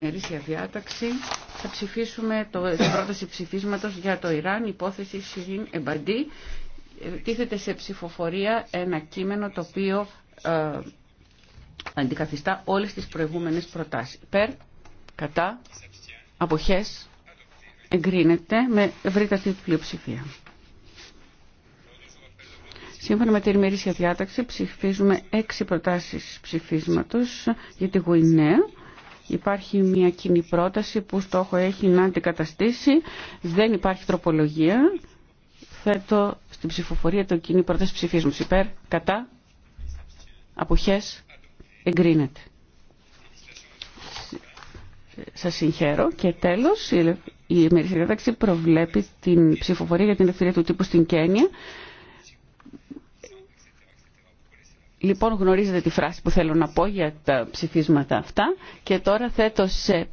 ημερήσια διάταξη θα ψηφίσουμε το, την πρόταση ψηφίσματος για το Ιράν, υπόθεση Σιρήν Εμπαντή. Τίθεται σε ψηφοφορία ένα κείμενο το οποίο ε, αντικαθιστά όλες τις προηγούμενες προτάσεις. Περ, κατά, αποχές, εγκρίνεται με ευρύτατη πλειοψηφία. Σύμφωνα με την ημερήσια διάταξη ψηφίζουμε έξι προτάσεις ψηφίσματος για τη Γουινέα Υπάρχει μια κοινή πρόταση που στόχο έχει να αντικαταστήσει. Δεν υπάρχει τροπολογία. Θέτω στην ψηφοφορία το κοινή πρόταση ψηφίσμου Υπέρ, κατά, αποχές, εγκρίνεται. Σας συγχαίρω και τέλος η ημερησία προβλέπει την ψηφοφορία για την ελευθερία του τύπου στην Κένια Λοιπόν γνωρίζετε τη φράση που θέλω να πω για τα ψηφίσματα αυτά και τώρα θέτω σε